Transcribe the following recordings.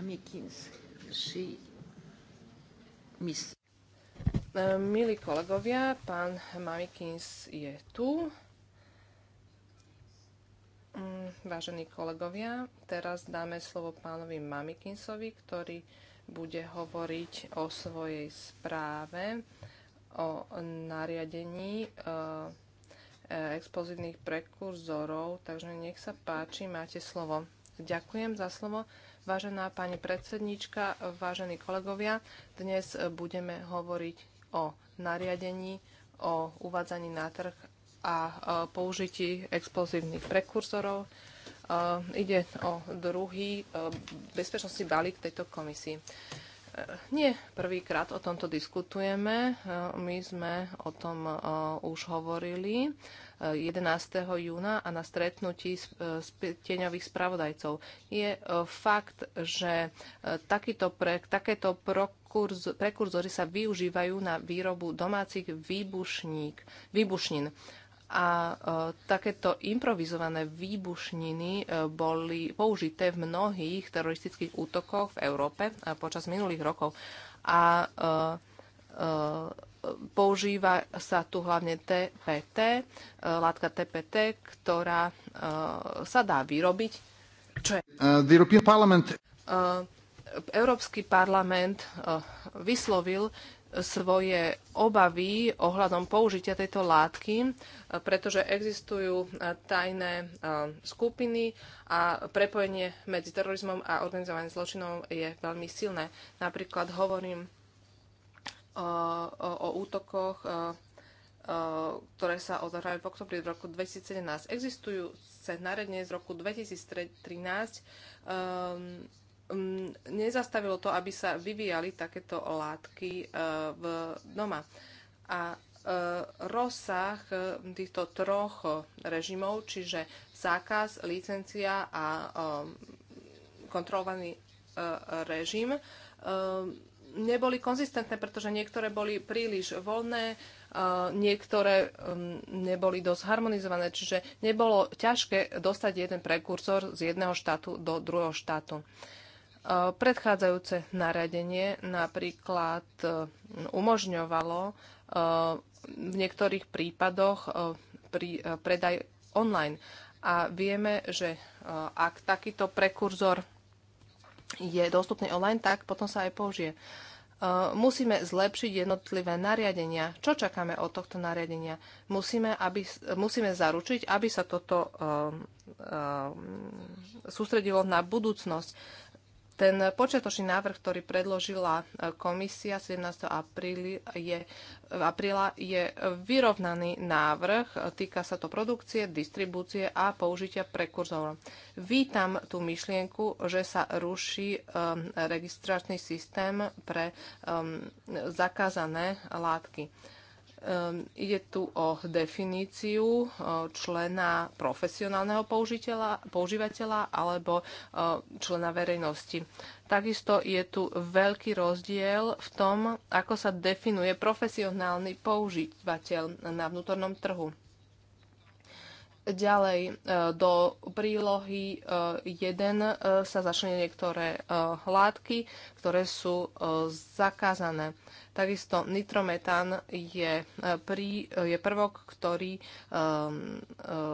E, milí kolegovia, pán Mamikins je tu. Mm, vážení kolegovia, teraz dáme slovo pánovi Mamikinsovi, ktorý bude hovoriť o svojej správe o nariadení e, e, explozívnych prekurzorov. Takže nech sa páči, máte slovo. Ďakujem za slovo. Vážená pani predsedníčka, vážení kolegovia, dnes budeme hovoriť o nariadení, o uvádzaní na trh a e, použití explozívnych prekurzorov. E, ide o druhý e, bezpečnostný balík tejto komisii. Eh, nie prvýkrát o tomto diskutujeme. Eh, my sme o tom eh, už hovorili 11. júna a na stretnutí tieňových spravodajcov. Je fakt, že takýto pre, takéto prekurzory sa využívajú na výrobu domácich výbušník, výbušnín. A e, takéto improvizované výbušniny e, boli použité v mnohých teroristických útokoch v Európe e, počas minulých rokov. A používa sa tu hlavne TPT, látka TPT, ktorá sa dá vyrobiť. Čo je? Uh, the European Parliament. Európsky parlament uh, vyslovil, svoje obavy ohľadom použitia tejto látky, e, pretože existujú e, tajné e, skupiny a prepojenie medzi terorizmom a organizovaným zločinom je veľmi silné. Napríklad hovorím o, o, o útokoch, ktoré sa odohrali v oktobri v roku 2017. Existujú scenáre z roku 2013, Um, nezastavilo to, aby sa vyvíjali takéto látky uh, v doma. A uh, rozsah uh, týchto troch režimov, čiže zákaz, licencia a um, kontrolovaný režim, um, neboli konzistentné, pretože niektoré boli príliš voľné, niektoré neboli dosť harmonizované, čiže nebolo ťažké dostať jeden prekurzor z jedného štátu do druhého štátu. E, predchádzajúce naradenie napríklad e, umožňovalo e, v niektorých prípadoch predaj online. A vieme, že ak takýto prekurzor je dostupný online, tak potom sa aj použije. Musíme zlepšiť jednotlivé nariadenia. Čo čakáme od tohto nariadenia? Musíme, aby, musíme zaručiť, aby sa toto sústredilo na budúcnosť ten počiatočný návrh, ktorý predložila e, komisia 17. apríli je, apríla, je vyrovnaný návrh. Týka sa to produkcie, distribúcie a použitia prekurzorov. Vítam tú myšlienku, že sa ruší um, registračný systém pre um, zakázané látky. Ehm, ide tu o definíciu člena profesionálneho používateľa alebo člena verejnosti. Takisto je tu veľký rozdiel v tom, ako sa definuje profesionálny používateľ na vnútornom trhu. Ďalej e, do prílohy 1 e, e, sa začne niektoré látky, ktoré sú zakázané. Takisto nitrometán je, prí, je prvok, ktorý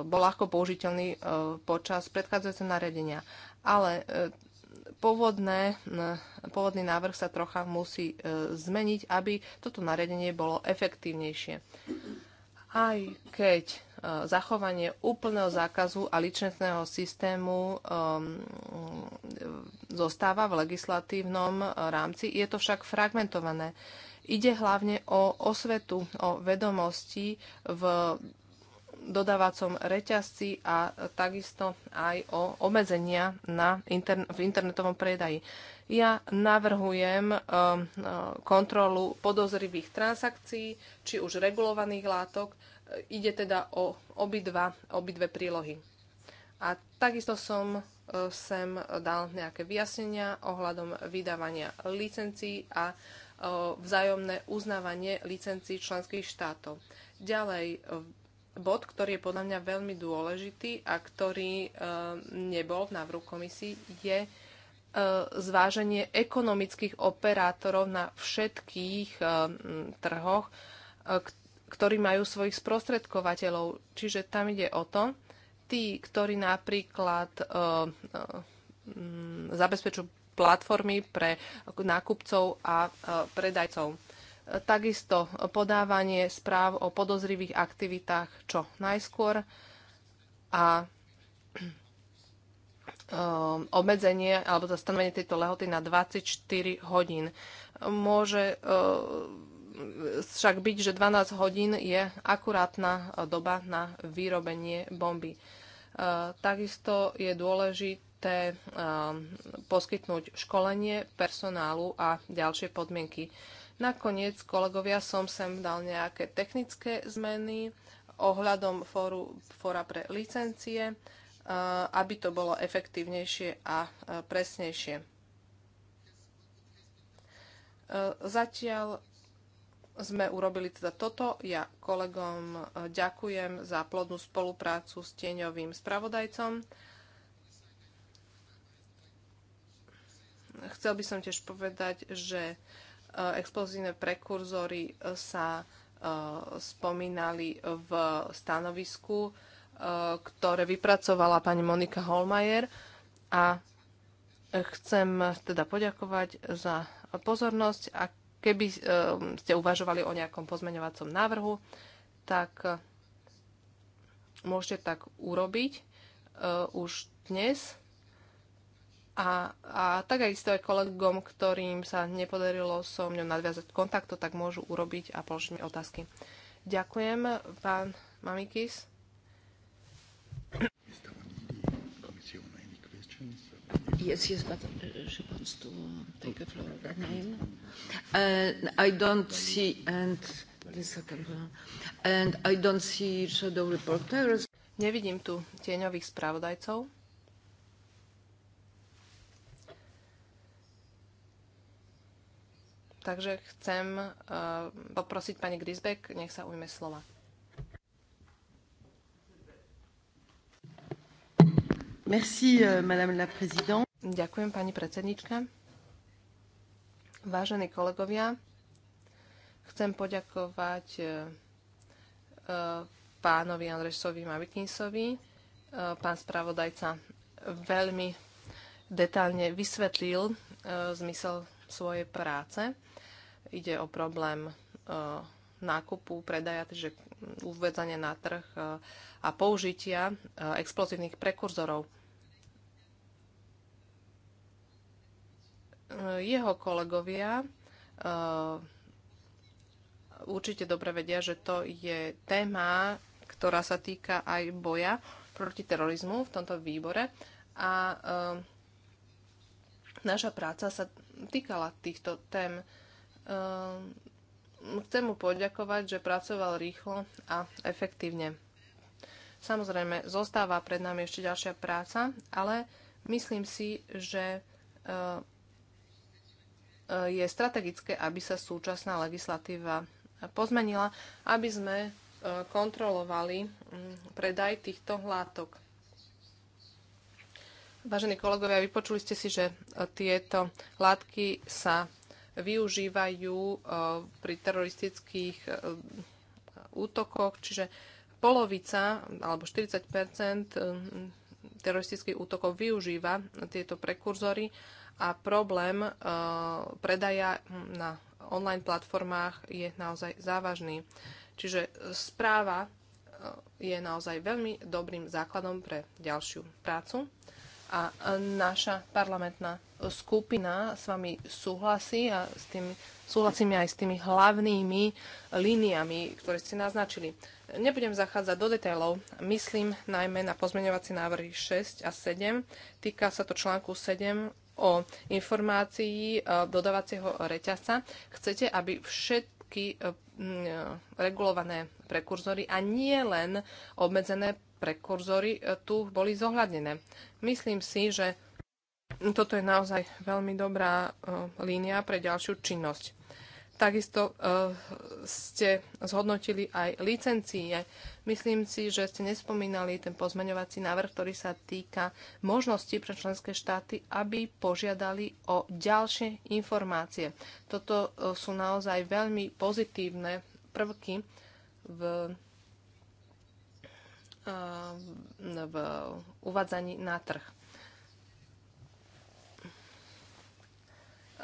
bol ľahko použiteľný počas predchádzajúceho nariadenia. Ale pôvodné, pôvodný návrh sa trocha musí zmeniť, aby toto nariadenie bolo efektívnejšie. Aj keď E, zachovanie úplného zákazu a ličentného systému e, zostáva v legislatívnom e, rámci. Je to však fragmentované. Ide hlavne o osvetu, o vedomosti v dodávacom reťazci a takisto aj o obmedzenia na v internetovom predaji. Ja navrhujem kontrolu podozrivých transakcií, či už regulovaných látok, Ide teda o obidva, obidve prílohy. A takisto som e, sem dal nejaké vyjasnenia ohľadom vydávania licencií a e, vzájomné uznávanie licencií členských štátov. Ďalej, e, bod, ktorý je podľa mňa veľmi dôležitý a ktorý nebol v návrhu komisii, je zváženie ekonomických operátorov na všetkých trhoch, ktorí majú svojich sprostredkovateľov. Čiže tam ide o to, tí, ktorí napríklad e, e, zabezpečujú platformy pre nákupcov a e, predajcov. Takisto podávanie správ o podozrivých aktivitách čo najskôr a e, obmedzenie alebo zastanovenie tejto lehoty na 24 hodín môže e, však byť, že 12 hodín je akurátna doba na vyrobenie bomby. E, takisto je dôležité e, poskytnúť školenie personálu a ďalšie podmienky. Nakoniec, kolegovia, som sem dal nejaké technické zmeny ohľadom fóru, fóra pre licencie, e, aby to bolo efektívnejšie a presnejšie. Zatiaľ sme urobili teda toto. Ja kolegom e, ďakujem za plodnú spoluprácu s tieňovým spravodajcom. Chcel by som tiež povedať, že e, explozívne prekurzory e, sa spomínali v stanovisku, ktoré vypracovala pani Monika Holmajer a chcem teda poďakovať za pozornosť. Ak Keby um, ste uvažovali o nejakom pozmeňovacom návrhu, tak uh, môžete tak urobiť uh, už dnes. A, a takisto aj kolegom, ktorým sa nepodarilo so mňou nadviazať kontakt, to tak môžu urobiť a položiť mi otázky. Ďakujem, pán Mamikis. Yes, yes, but she wants to take floor. I don't see, and the second one. And I don't see shadow reporters. Nevidím tu tieňových spravodajcov. Takže chcem uh, poprosiť pani Grisbeck, nech sa ujme slova. Merci, euh, madame la présidente. Ďakujem, pani predsednička. Vážení kolegovia, chcem poďakovať e, e, pánovi Andrešovi Mavikinsovi. E, pán spravodajca veľmi detálne vysvetlil zmysel svojej práce. Ide o problém nákupu, predaja, takže uvedzanie na trh e, a použitia e, explozívnych prekurzorov. E, jeho kolegovia určite dobre vedia, že to je téma, ktorá sa týka aj boja proti terorizmu v tomto výbore a naša práca sa týkala týchto tém chcem mu poďakovať, že pracoval rýchlo a efektívne. Samozrejme, zostáva pred nami ešte ďalšia práca, ale myslím si, že e, e, je strategické, aby sa súčasná legislatíva pozmenila, aby sme e, kontrolovali predaj týchto látok. Vážení kolegovia, vypočuli ste si, že tieto látky sa využívajú eh, pri teroristických eh, útokoch, čiže polovica alebo 40 eh, teroristických útokov využíva tieto prekurzory a problém predaja na online platformách je naozaj závažný. Čiže správa je naozaj veľmi dobrým základom pre ďalšiu prácu a naša parlamentná skupina s vami súhlasí a s tým, súhlasíme aj s tými hlavnými líniami, ktoré ste naznačili. Nebudem zachádzať do detailov, myslím najmä na pozmeňovacie návrhy 6 a 7. Týka sa to článku 7 o informácii e, dodávacieho reťazca. Chcete, aby všetky e, e, regulované prekurzory a nie len obmedzené prekurzory tu boli zohľadnené. Myslím si, že toto je naozaj veľmi dobrá e, línia pre ďalšiu činnosť. Takisto e, ste zhodnotili aj licencie. Myslím si, že ste nespomínali ten pozmeňovací návrh, ktorý sa týka možnosti pre členské štáty, aby požiadali o ďalšie informácie. Toto e, sú naozaj veľmi pozitívne prvky v, v uvádzaní na trh.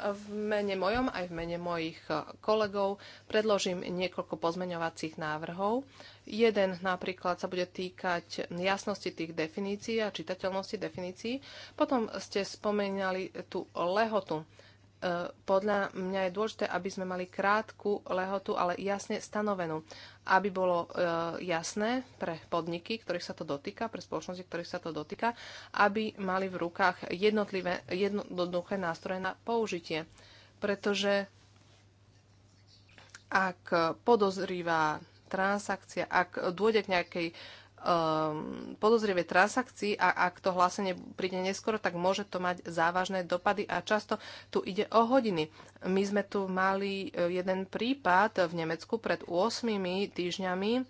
v mene mojom aj v mene mojich e, kolegov predložím niekoľko pozmeňovacích návrhov. Jeden napríklad sa bude týkať jasnosti tých definícií a čitateľnosti definícií. Potom ste spomínali tú lehotu. E, podľa mňa je dôležité, aby sme mali krátku lehotu, ale jasne stanovenú. Aby bolo e, jasné pre podniky, ktorých sa to dotýka, pre spoločnosti, ktorých sa to dotýka, aby mali v rukách jednotlivé, jednoduché nástroje na použitie. Pretože ak podozrivá transakcia, ak dôjde k nejakej Um, podozrivé transakcií a ak to hlásenie príde neskoro, tak môže to mať závažné dopady a často tu ide o hodiny. My sme tu mali e, jeden prípad v Nemecku pred 8 týždňami e,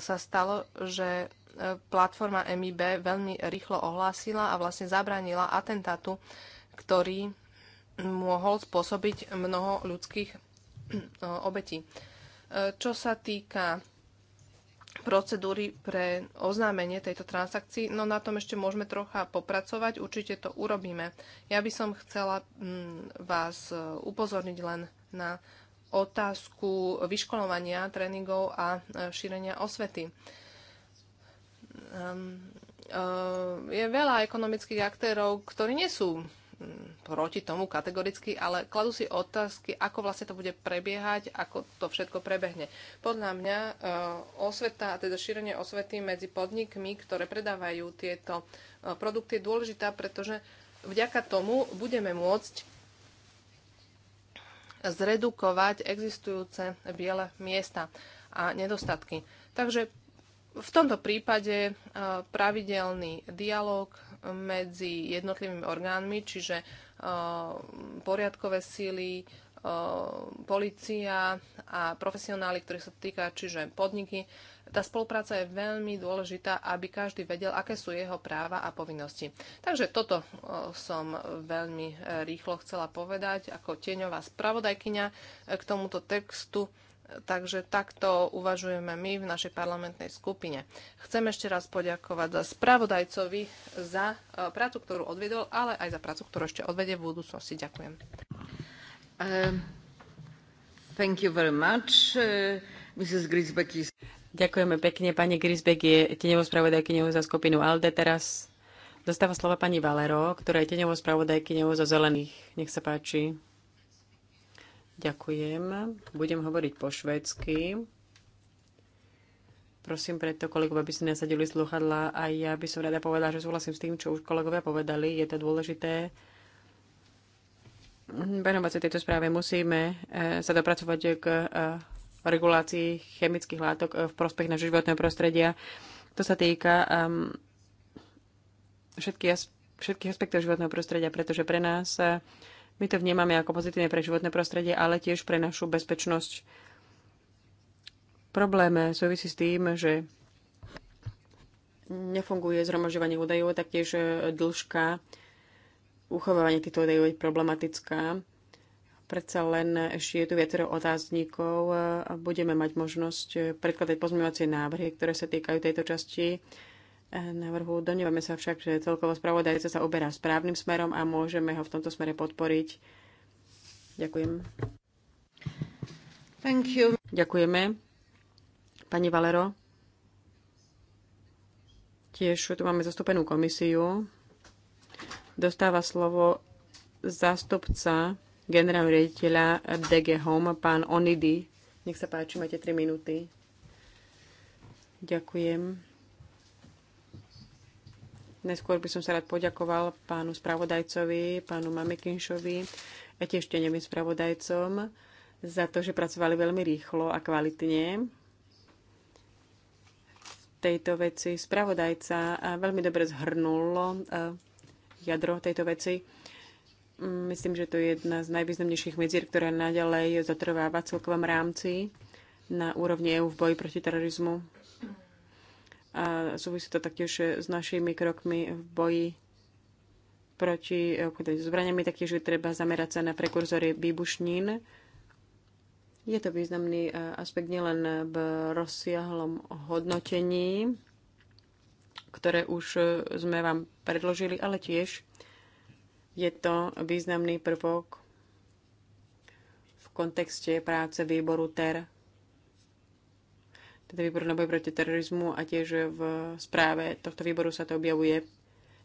sa stalo, že e, platforma MIB veľmi rýchlo ohlásila a vlastne zabránila atentátu, ktorý mohol spôsobiť mnoho ľudských obetí. Čo sa týka procedúry pre oznámenie tejto transakcii, no na tom ešte môžeme trocha popracovať, určite to urobíme. Ja by som chcela mm, vás e, upozorniť len na otázku vyškolovania, tréningov a e, šírenia osvety. Ehm, e, je veľa ekonomických aktérov, ktorí nie sú Mm, proti tomu kategoricky, ale kladú si otázky, ako vlastne to bude prebiehať, ako to všetko prebehne. Podľa mňa eh, osveta, teda šírenie osvety medzi podnikmi, ktoré predávajú tieto eh, produkty, je dôležitá, pretože vďaka tomu budeme môcť zredukovať existujúce biele miesta a nedostatky. Takže v tomto prípade eh, pravidelný dialog medzi jednotlivými orgánmi, čiže eh, poriadkové síly, eh, policia a profesionáli, ktorých sa týka, čiže podniky. Tá spolupráca je veľmi dôležitá, aby každý vedel, aké sú jeho práva a povinnosti. Takže toto eh, som veľmi rýchlo chcela povedať ako tieňová spravodajkyňa k tomuto textu. Takže takto uvažujeme my v našej parlamentnej skupine. Chcem ešte raz poďakovať za spravodajcovi za e, prácu, ktorú odvedol, ale aj za prácu, ktorú ešte odvedie v budúcnosti. Ďakujem. Um, thank you very much. Uh, Mrs. Grisbeck Ďakujeme pekne. Pani Grisbeck je tenevou spravodajkyňou za skupinu ALDE. Teraz dostáva slova pani Valero, ktorá je tenevou spravodajkyňou za zelených. Nech sa páči. Ďakujem. Budem hovoriť po švedsky. Prosím preto kolegov, aby si nasadili sluchadla a ja by som rada povedala, že súhlasím s tým, čo už kolegovia povedali. Je to dôležité. Venovať sa tejto správe musíme e, sa dopracovať k e, regulácii chemických látok e, v prospech na životného prostredia. To sa týka ehm, všetkých aspektov životného prostredia, pretože pre nás my to vnímame ako pozitívne pre životné prostredie, ale tiež pre našu bezpečnosť. Problém súvisí s tým, že nefunguje zhromažďovanie údajov, taktiež e, dĺžka uchovávania týchto údajov je problematická. Predsa len ešte je tu viacero otáznikov a budeme mať možnosť e, predkladať pozmeňovacie návrhy, ktoré sa týkajú tejto časti návrhu. Domnievame sa však, že celkovo spravodajca sa uberá správnym smerom a môžeme ho v tomto smere podporiť. Ďakujem. Thank you. Ďakujeme. Pani Valero. Tiež tu máme zastúpenú komisiu. Dostáva slovo zástupca generálneho riaditeľa DG Home, pán Onidy. Nech sa páči, máte 3 minúty. Ďakujem. Najskôr by som sa rád poďakoval pánu spravodajcovi, pánu Mamekinšovi a tiež tenevým spravodajcom za to, že pracovali veľmi rýchlo a kvalitne. V tejto veci spravodajca veľmi dobre zhrnul e, jadro tejto veci. Myslím, že to je jedna z najvýznamnejších medzier, ktorá naďalej zatrváva v celkovom rámci na úrovni EU v boji proti terorizmu. A súvisí to taktiež s našimi krokmi v boji proti zbraniami, taktiež je treba zamerať sa na prekurzory výbušnín. Je to významný e, aspekt nielen v rozsiahlom hodnotení, ktoré už e, sme vám predložili, ale tiež je to významný prvok v kontexte práce výboru TER teda výboru na boj proti terorizmu a tiež v správe tohto výboru sa to objavuje.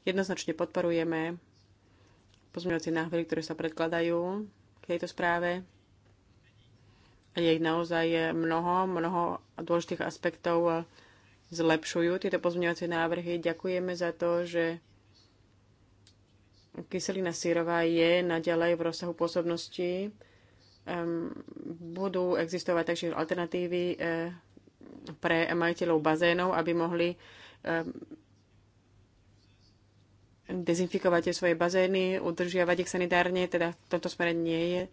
Jednoznačne podporujeme pozmeňovacie návrhy, ktoré sa predkladajú k tejto správe. A je ich naozaj mnoho, mnoho dôležitých aspektov zlepšujú tieto pozmeňovacie návrhy. Ďakujeme za to, že kyselina sírová je naďalej v rozsahu pôsobnosti um, budú existovať takže alternatívy eh, pre majiteľov bazénov, aby mohli ehm, dezinfikovať svoje bazény, udržiavať ich sanitárne, teda v tomto smere nie je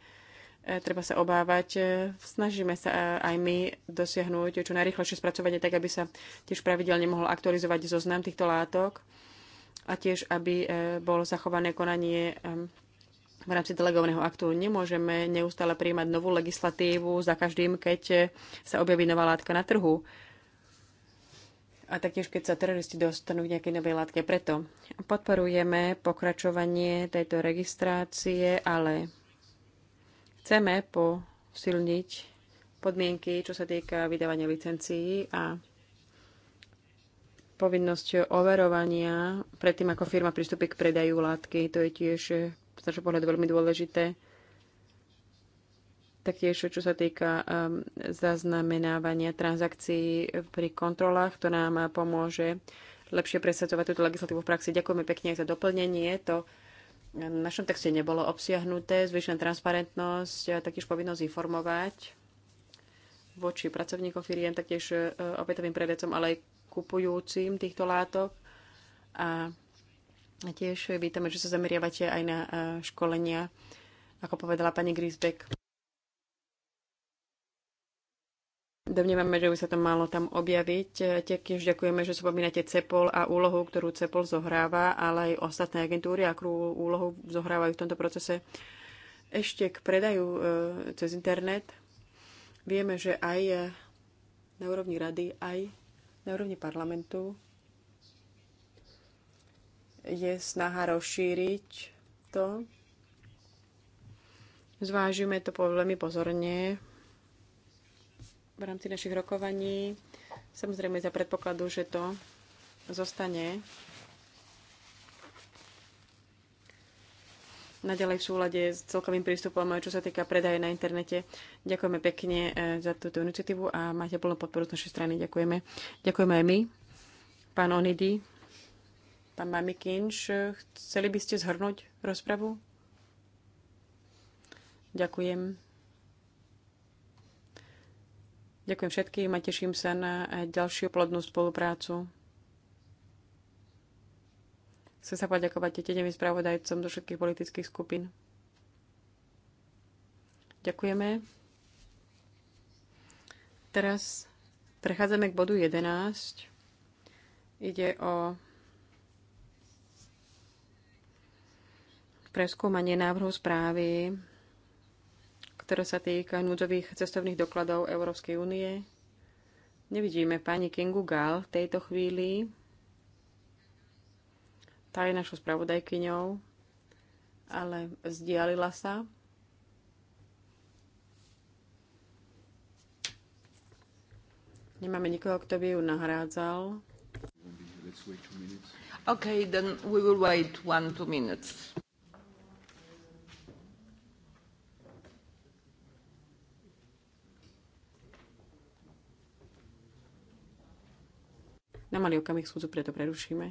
e, treba sa obávať. E, snažíme sa e, aj my dosiahnuť čo najrychlejšie spracovanie, tak aby sa tiež pravidelne mohol aktualizovať zoznam týchto látok a tiež, aby bolo zachované konanie ehm, v rámci delegovaného aktu nemôžeme neustále príjmať novú legislatívu za každým, keď sa objaví nová látka na trhu. A taktiež, keď sa teroristi dostanú k nejakej novej látke. Preto podporujeme pokračovanie tejto registrácie, ale chceme posilniť podmienky, čo sa týka vydávania licencií a povinnosť overovania predtým, ako firma pristúpi k predaju látky. To je tiež z pohľad veľmi dôležité. Taktiež, čo sa týka um, zaznamenávania transakcií pri kontrolách, to nám uh, pomôže lepšie presadzovať túto legislatívu v praxi. Ďakujeme pekne aj za doplnenie. To v našom texte nebolo obsiahnuté. Zvyšená transparentnosť a uh, taktiež povinnosť informovať voči pracovníkom firiem, taktiež uh, opätovým predajcom, ale aj kupujúcim týchto látok. A a tiež vítame, že sa zameriavate aj na e, školenia, ako povedala pani Grisbeck. Domnievame, že by sa to malo tam objaviť. E, tiež ďakujeme, že spomínate CEPOL a úlohu, ktorú CEPOL zohráva, ale aj ostatné agentúry, akú úlohu zohrávajú v tomto procese. Ešte k predaju e, cez internet. Vieme, že aj na úrovni rady, aj na úrovni parlamentu je snaha rozšíriť to. Zvážime to veľmi pozorne v rámci našich rokovaní. Samozrejme za predpokladu, že to zostane naďalej v súlade s celkovým prístupom, čo sa týka predaje na internete. Ďakujeme pekne eh, za túto iniciatívu a máte plnú podporu z našej strany. Ďakujeme. Ďakujeme aj my. Pán Onidy. Pán Mamikinš, chceli by ste zhrnúť rozpravu? Ďakujem. Ďakujem všetkým a teším sa na ďalšiu plodnú spoluprácu. Chcem sa poďakovať tieňovým spravodajcom do všetkých politických skupín. Ďakujeme. Teraz prechádzame k bodu 11. Ide o preskúmanie návrhu správy, ktoré sa týka núdzových cestovných dokladov Európskej únie. Nevidíme pani Kingu Gal v tejto chvíli. Tá je našou spravodajkyňou, ale vzdialila sa. Nemáme nikoho, kto by ju nahrádzal. Okay, then we will wait one, two minutes. Na malý okamih schôdzu preto prerušíme.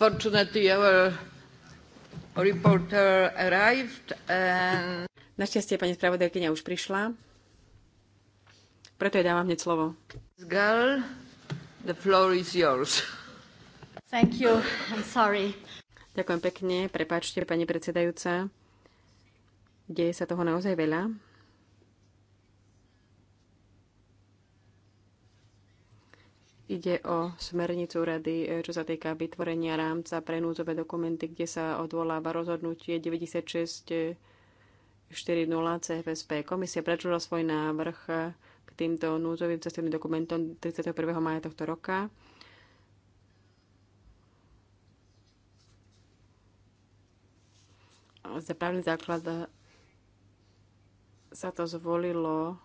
Fortunately, our reporter arrived and... Našťastie pani spravodajkyňa už prišla. Preto jej dávam hneď slovo. Girl, the floor is yours. Thank you. I'm sorry. Ďakujem pekne. Prepáčte, pani predsedajúca. Deje sa toho naozaj veľa. Ide o smernicu rady, e, čo sa týka vytvorenia rámca pre núdzové dokumenty, kde sa odvoláva rozhodnutie 96 4.0 CFSP. Komisia prečula svoj návrh e, k týmto núdzovým cestovným dokumentom 31. maja tohto roka. Za právny základ e, sa to zvolilo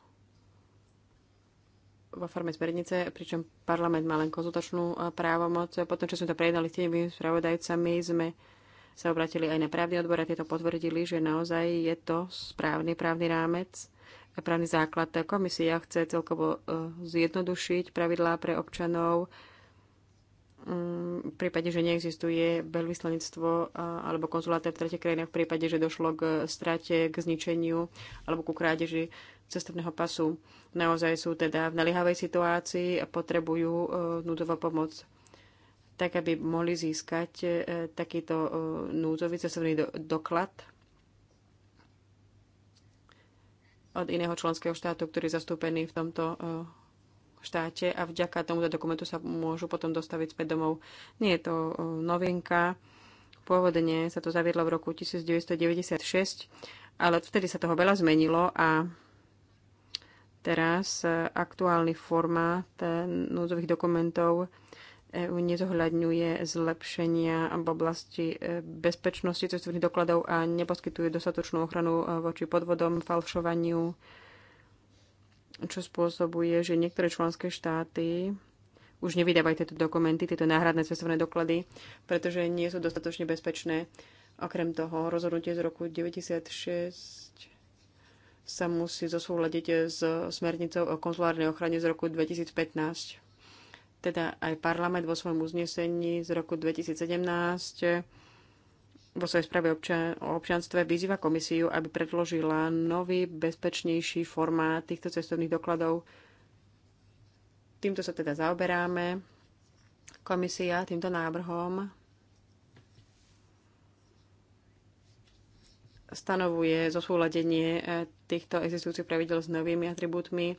vo forme smernice, pričom parlament má len konzultačnú e, právomoc. Potom, čo sme to prejednali s tými spravodajcami, sme sa obratili aj na právny odbor a tieto potvrdili, že naozaj je to správny právny rámec a právny základ. Komisia chce celkovo e, zjednodušiť pravidlá pre občanov, Mm, v prípade, že neexistuje veľvyslanectvo alebo konzulátor v tretej krajine, v prípade, že došlo k strate, k zničeniu alebo ku krádeži cestovného pasu. Naozaj sú teda v naliehavej situácii a potrebujú e, núdzovú pomoc tak, aby mohli získať e, takýto e, núdzový cestovný doklad od iného členského štátu, ktorý je zastúpený v tomto štáte a vďaka tomuto dokumentu sa môžu potom dostaviť späť domov. Nie je to e, novinka. Pôvodne sa to zaviedlo v roku 1996, ale vtedy sa toho veľa zmenilo a teraz e, aktuálny formát e, núdzových dokumentov EU nezohľadňuje zlepšenia v oblasti bezpečnosti cestovných dokladov a neposkytuje dostatočnú ochranu voči podvodom, falšovaniu, čo spôsobuje, že niektoré členské štáty už nevydávajú tieto dokumenty, tieto náhradné cestovné doklady, pretože nie sú dostatočne bezpečné. Okrem toho, rozhodnutie z roku 96 sa musí zosúľadiť s smernicou o konzulárnej ochrane z roku 2015. Teda aj parlament vo svojom uznesení z roku 2017 vo svojej správe o občanstve vyzýva komisiu, aby predložila nový, bezpečnejší formát týchto cestovných dokladov. Týmto sa teda zaoberáme. Komisia týmto návrhom stanovuje zosúladenie e, týchto existujúcich pravidel s novými atribútmi.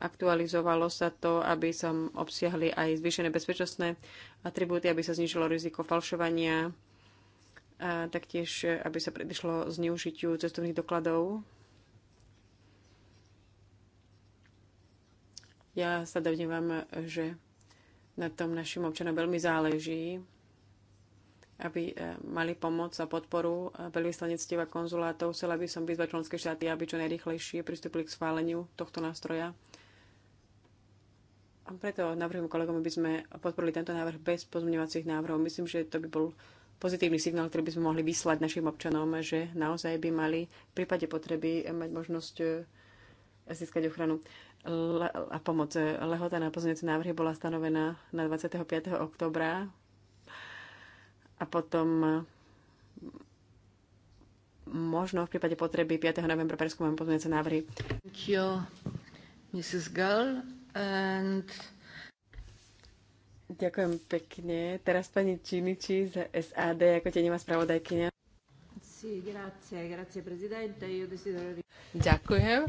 Aktualizovalo sa to, aby som obsiahli aj zvýšené bezpečnostné atribúty, aby sa znižilo riziko falšovania a taktiež, e, aby sa predišlo zneužitiu cestovných dokladov. Ja sa domnievam, že na tom našim občanom veľmi záleží, aby e, mali pomoc a podporu e, veľvyslanectiev a konzulátov. Chcela by som vyzvať členské štáty, aby čo najrychlejšie pristúpili k schváleniu tohto nástroja. A preto navrhujem kolegom, aby sme podporili tento návrh bez pozmeňovacích návrhov. Myslím, že to by bol pozitívny signál, ktorý by sme mohli vyslať našim občanom, že naozaj by mali v prípade potreby mať možnosť e, získať ochranu a pomoc. Lehota na pozornicu návrhy bola stanovená na 25. oktobra a potom e, možno v prípade potreby 5. novembra preskúmame pozornice návrhy. Thank you, Mrs. Gull, And... Ďakujem pekne. Teraz pani Činiči z SAD, ako te nemá spravodajkynia. Ďakujem.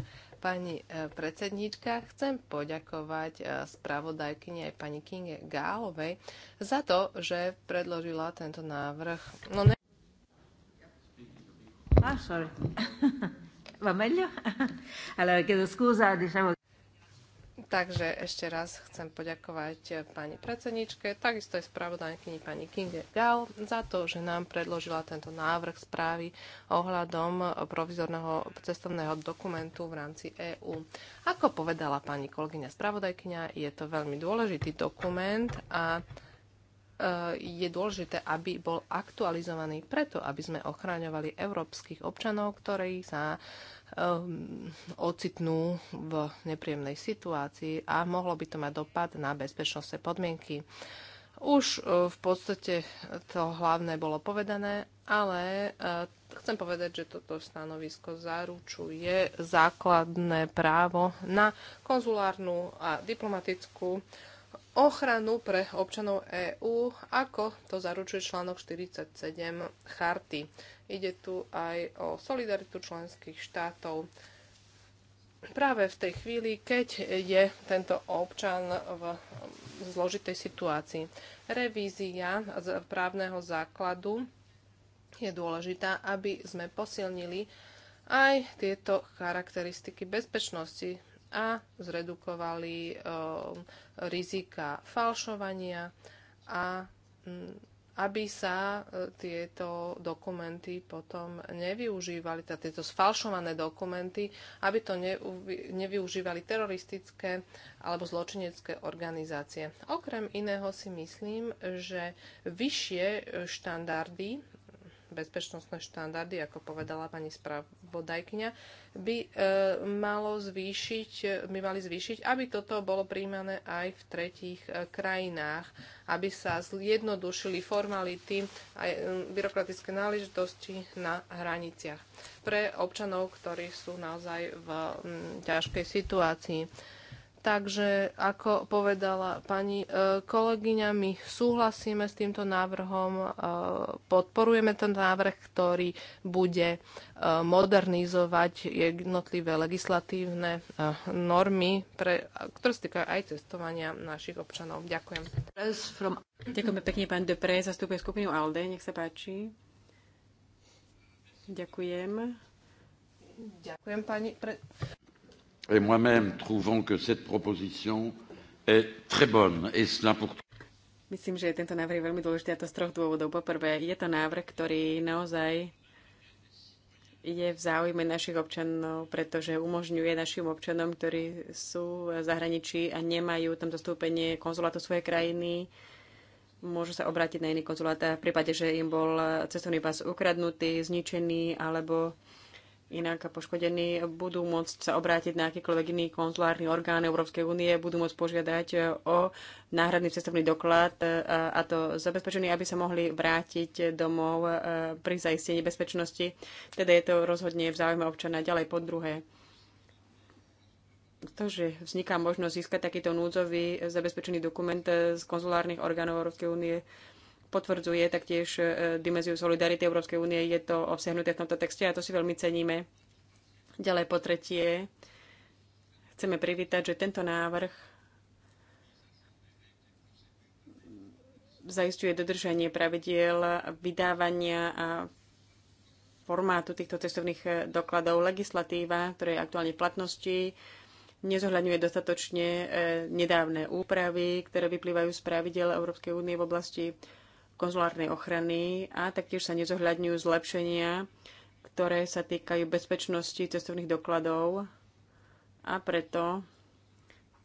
Pani e, predsedníčka, chcem poďakovať e, spravodajkyni aj pani Kinge Gálovej za to, že predložila tento návrh. No ne... Ah, sorry. Va meglio? Allora chiedo scusa, diciamo... Takže ešte raz chcem poďakovať pani predsedničke, takisto aj spravodajkyni pani Kinge Gal za to, že nám predložila tento návrh správy ohľadom provizorného cestovného dokumentu v rámci EÚ. Ako povedala pani kolegyňa spravodajkyňa, je to veľmi dôležitý dokument a e, je dôležité, aby bol aktualizovaný preto, aby sme ochraňovali európskych občanov, ktorí sa um, ocitnú v nepríjemnej situácii a mohlo by to mať dopad na bezpečnostné podmienky. Už uh, v podstate to hlavné bolo povedané, ale uh, chcem povedať, že toto stanovisko zaručuje základné právo na konzulárnu a diplomatickú ochranu pre občanov EÚ, ako to zaručuje článok 47 charty. Ide tu aj o solidaritu členských štátov. Práve v tej chvíli, keď je tento občan v zložitej situácii. Revízia právneho základu je dôležitá, aby sme posilnili aj tieto charakteristiky bezpečnosti a zredukovali eh, rizika falšovania a mm, aby sa eh, tieto dokumenty potom nevyužívali, teda tieto sfalšované dokumenty, aby to nevyužívali teroristické alebo zločinecké organizácie. Okrem iného si myslím, že vyššie štandardy bezpečnostné štandardy, ako povedala pani spravodajkňa, by e, malo zvýšiť, by mali zvýšiť, aby toto bolo príjmané aj v tretích e, krajinách, aby sa zjednodušili formality a e, byrokratické náležitosti na hraniciach pre občanov, ktorí sú naozaj v ťažkej situácii. Takže, ako povedala pani e, kolegyňa, my súhlasíme s týmto návrhom, e, podporujeme ten návrh, ktorý bude e, modernizovať jednotlivé legislatívne normy, pre, ktoré sa týkajú aj cestovania našich občanov. Ďakujem. Ďakujeme pekne, pán Depre, zastupuje skupinu ALDE, nech sa páči. Ďakujem. Ďakujem, pani. Pre et moi-même trouvons que cette proposition est très bonne et cela pour Myslím, že je tento návrh je veľmi dôležitý a to z troch dôvodov. Poprvé, je to návrh, ktorý naozaj je v záujme našich občanov, pretože umožňuje našim občanom, ktorí sú v zahraničí a nemajú tam zastúpenie konzulátu svojej krajiny, môžu sa obrátiť na iný konzulát v prípade, že im bol cestovný pás ukradnutý, zničený alebo Inak poškodení budú môcť sa obrátiť na akýkoľvek iný konzulárny orgán Európskej únie, budú môcť požiadať e, o náhradný cestovný doklad e, a to zabezpečený, aby sa mohli vrátiť domov e, pri zaistení bezpečnosti. Teda je to rozhodne v záujme občana ďalej pod druhé. To, že vzniká možnosť získať takýto núdzový zabezpečený dokument z konzulárnych orgánov Európskej únie, potvrdzuje taktiež e, dimenziu solidarity Európskej únie. Je to obsiahnuté v tomto texte a to si veľmi ceníme. Ďalej po tretie, chceme privítať, že tento návrh zaistuje dodržanie pravidiel vydávania a formátu týchto cestovných e, dokladov. Legislatíva, ktorá je aktuálne v platnosti, nezohľadňuje dostatočne e, nedávne úpravy, ktoré vyplývajú z pravidel Európskej únie v oblasti konzulárnej ochrany a taktiež sa nezohľadňujú zlepšenia, ktoré sa týkajú bezpečnosti cestovných dokladov a preto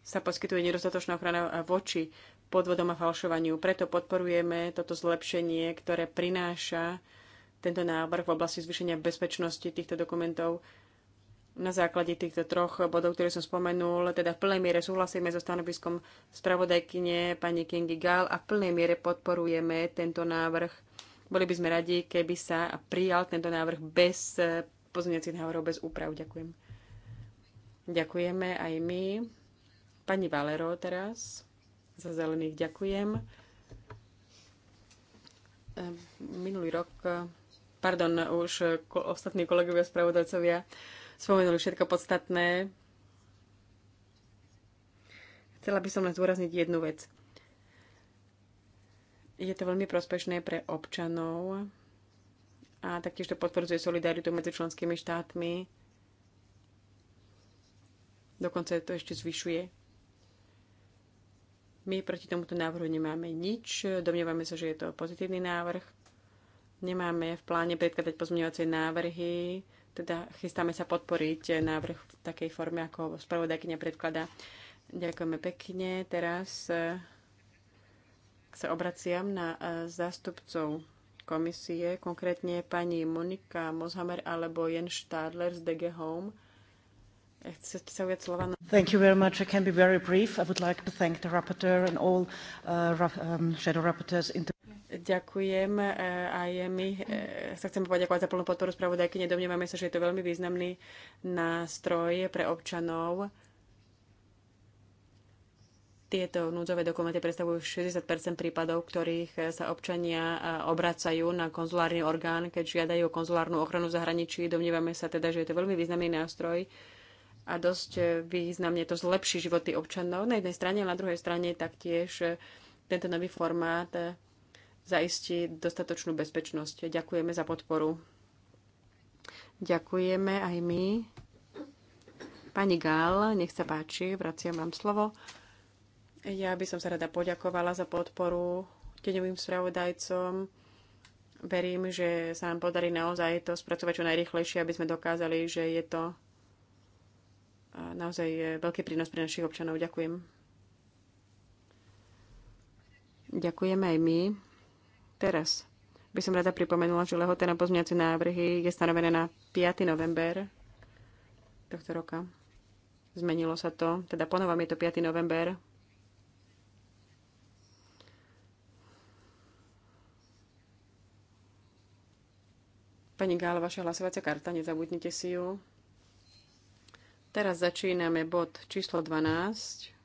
sa poskytuje nedostatočná ochrana voči podvodom a falšovaniu. Preto podporujeme toto zlepšenie, ktoré prináša tento návrh v oblasti zvýšenia bezpečnosti týchto dokumentov na základe týchto troch bodov, ktoré som spomenul, teda v plnej miere súhlasíme so stanoviskom spravodajkyne pani Kingy Gall a v plnej miere podporujeme tento návrh. Boli by sme radi, keby sa prijal tento návrh bez eh, pozmeňacích návrhov, bez úprav. Ďakujem. Ďakujeme aj my. Pani Valero teraz za zelených ďakujem. Eh, minulý rok, eh, pardon, už ostatní kolegovia spravodajcovia spomenuli všetko podstatné. Chcela by som len zdôrazniť jednu vec. Je to veľmi prospešné pre občanov a taktiež to potvrdzuje solidaritu medzi členskými štátmi. Dokonca to ešte zvyšuje. My proti tomuto návrhu nemáme nič. Domnievame sa, že je to pozitívny návrh. Nemáme v pláne predkladať pozmeňovacie návrhy teda chystáme sa podporiť návrh v takej forme, ako spravodajkyňa predkladá. Ďakujeme pekne. Teraz eh, sa obraciam na eh, zástupcov komisie, konkrétne pani Monika Mozhammer alebo Jen Stadler z DG Home. Eh, chcete sa ujať slova? Thank you very much. I can be very brief. I would like to thank the rapporteur and all uh, um, shadow rapporteurs. In the Ďakujem. E, aj my e, sa chcem poďakovať za plnú podporu spravodajky. Nedomnievame sa, že je to veľmi významný nástroj pre občanov. Tieto núdzové dokumenty predstavujú 60 prípadov, ktorých e, sa občania obracajú na konzulárny orgán, keď žiadajú konzulárnu ochranu v zahraničí. Domnievame sa teda, že je to veľmi významný nástroj a dosť významne to zlepší životy občanov na jednej strane, a na druhej strane taktiež tento nový formát zaisti dostatočnú bezpečnosť. Ďakujeme za podporu. Ďakujeme aj my. Pani Gál, nech sa páči, vraciam vám slovo. Ja by som sa rada poďakovala za podporu teňovým spravodajcom. Verím, že sa nám podarí naozaj to spracovať čo najrychlejšie, aby sme dokázali, že je to naozaj e, veľký prínos pre našich občanov. Ďakujem. Ďakujeme aj my. Teraz by som rada pripomenula, že lehota na pozmeňacie návrhy je stanovená na 5. november tohto roka. Zmenilo sa to, teda ponovom je to 5. november. Pani Gál, vaša hlasovacia karta, nezabudnite si ju. Teraz začíname bod číslo 12.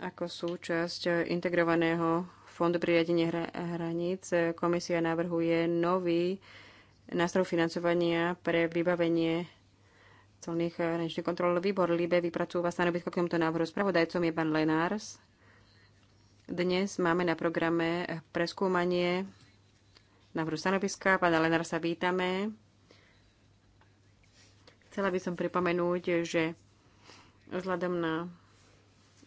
Ako súčasť integrovaného fondu pri riadení hraníc komisia navrhuje nový nástroj financovania pre vybavenie celných hraničných kontrol. Výbor LIBE vypracúva stanovisko k tomuto návrhu. Spravodajcom je pán Lenárs. Dnes máme na programe preskúmanie návrhu stanoviska. Pána Lenársa vítame. Chcela by som pripomenúť, že vzhľadom na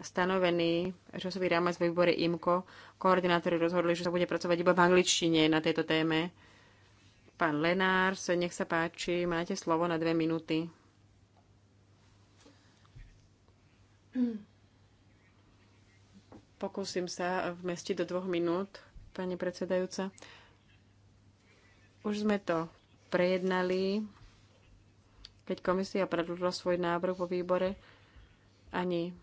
stanovený časový rámec vo výbore IMCO. Koordinátori rozhodli, že sa bude pracovať iba v angličtine na tejto téme. Pán Lenárs, nech sa páči, máte slovo na dve minúty. Pokúsim sa vmestiť do dvoch minút, pani predsedajúca. Už sme to prejednali, keď komisia predložila svoj návrh vo výbore. Ani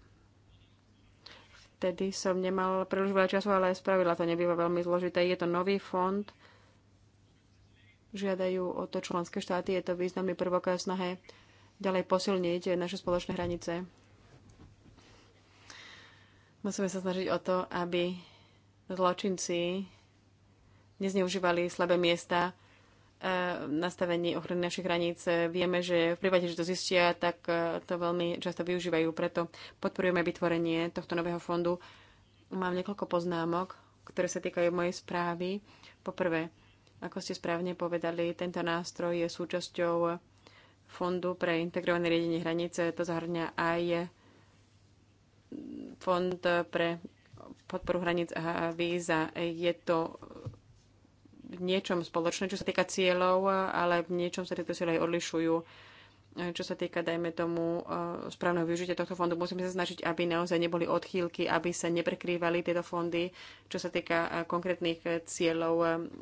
vtedy som nemal príliš veľa času, ale spravidla to nebýva veľmi zložité. Je to nový fond, žiadajú o to členské štáty, je to významný prvok a snahe ďalej posilniť naše spoločné hranice. Musíme sa snažiť o to, aby zločinci nezneužívali slabé miesta nastavení ochrany našich hraníc. E, vieme, že v prípade, že to zistia, tak e, to veľmi často využívajú. Preto podporujeme vytvorenie tohto nového fondu. Mám niekoľko poznámok, ktoré sa týkajú mojej správy. Poprvé, ako ste správne povedali, tento nástroj je súčasťou Fondu pre integrované riadenie hranice. To zahrňa aj Fond pre podporu hraníc a víza. Je to v niečom spoločné, čo sa týka cieľov, ale v niečom sa tieto cieľe aj odlišujú. Čo sa týka, dajme tomu, eh, správneho využitia tohto fondu, musíme sa snažiť, aby naozaj neboli odchýlky, aby sa neprekrývali tieto fondy, čo sa týka eh, konkrétnych eh, cieľov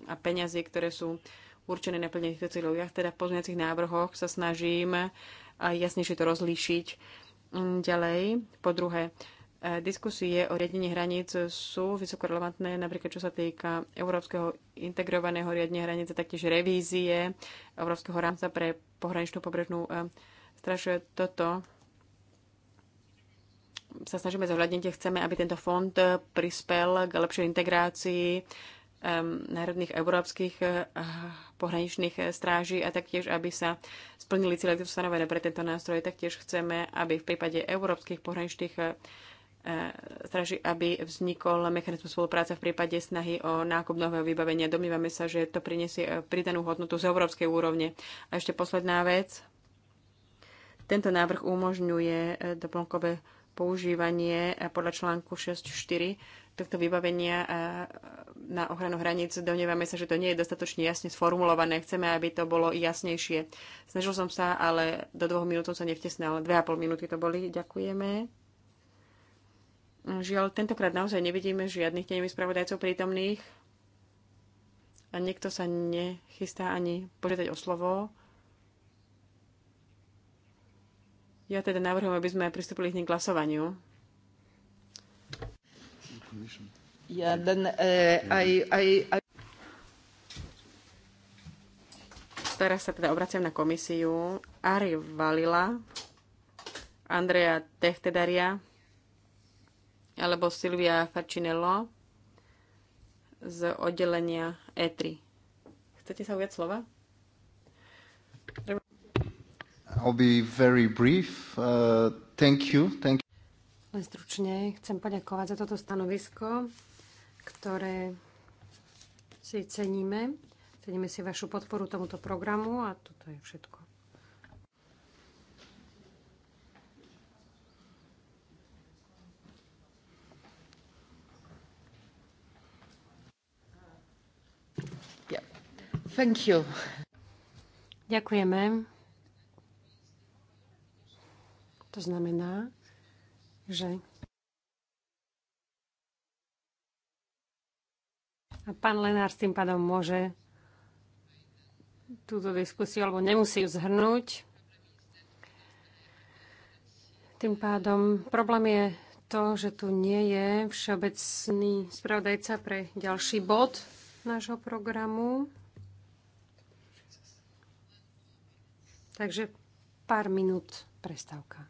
a peňazí, ktoré sú určené na plnenie týchto cieľov. Ja teda v pozmeňacích návrhoch sa snažím jasnejšie to rozlíšiť. Mm, ďalej, po druhé, E, diskusie o riadení hraníc sú vysoko relevantné, napríklad čo sa týka európskeho integrovaného riadenia hranice, taktiež revízie európskeho rámca pre pohraničnú pobrežnú e, straž. Toto sa snažíme zohľadniť, chceme, aby tento fond prispel k lepšej integrácii e, národných európskych pohraničných stráží a taktiež, aby sa splnili cíle, ktoré sú stanovené pre tento nástroj. Taktiež chceme, aby v prípade európskych pohraničných E, straží, aby vznikol mechanizmus spolupráce v prípade snahy o nákup nového vybavenia. Domnívame sa, že to prinesie e, pridanú hodnotu z európskej úrovne. A ešte posledná vec. Tento návrh umožňuje e, doplnkové používanie podľa článku 6.4 tohto vybavenia na ochranu hraníc. Domnievame sa, že to nie je dostatočne jasne sformulované. Chceme, aby to bolo jasnejšie. Snažil som sa, ale do dvoch minút som sa nevtesnal. Dve a pol minúty to boli. Ďakujeme. Žiaľ, tentokrát naozaj nevidíme žiadnych tenových spravodajcov prítomných a niekto sa nechystá ani požiadať o slovo. Ja teda navrhujem, aby sme pristúpili hneď k hlasovaniu. Eh, Teraz sa teda obraciam na komisiu. Ari Valila, Andrea Tehtedaria, alebo Silvia Facinello z oddelenia E3. Chcete sa uviať slova? I'll be very brief. Uh, thank you. Thank you. Len stručne chcem poďakovať za toto stanovisko, ktoré si ceníme. Ceníme si vašu podporu tomuto programu a toto je všetko. Thank Ďakujeme. To znamená, že A pán Lenár s tým pádom môže túto diskusiu, alebo nemusí ju zhrnúť. Tým pádom problém je to, že tu nie je všeobecný spravodajca pre ďalší bod nášho programu. Takže pár minút prestávka.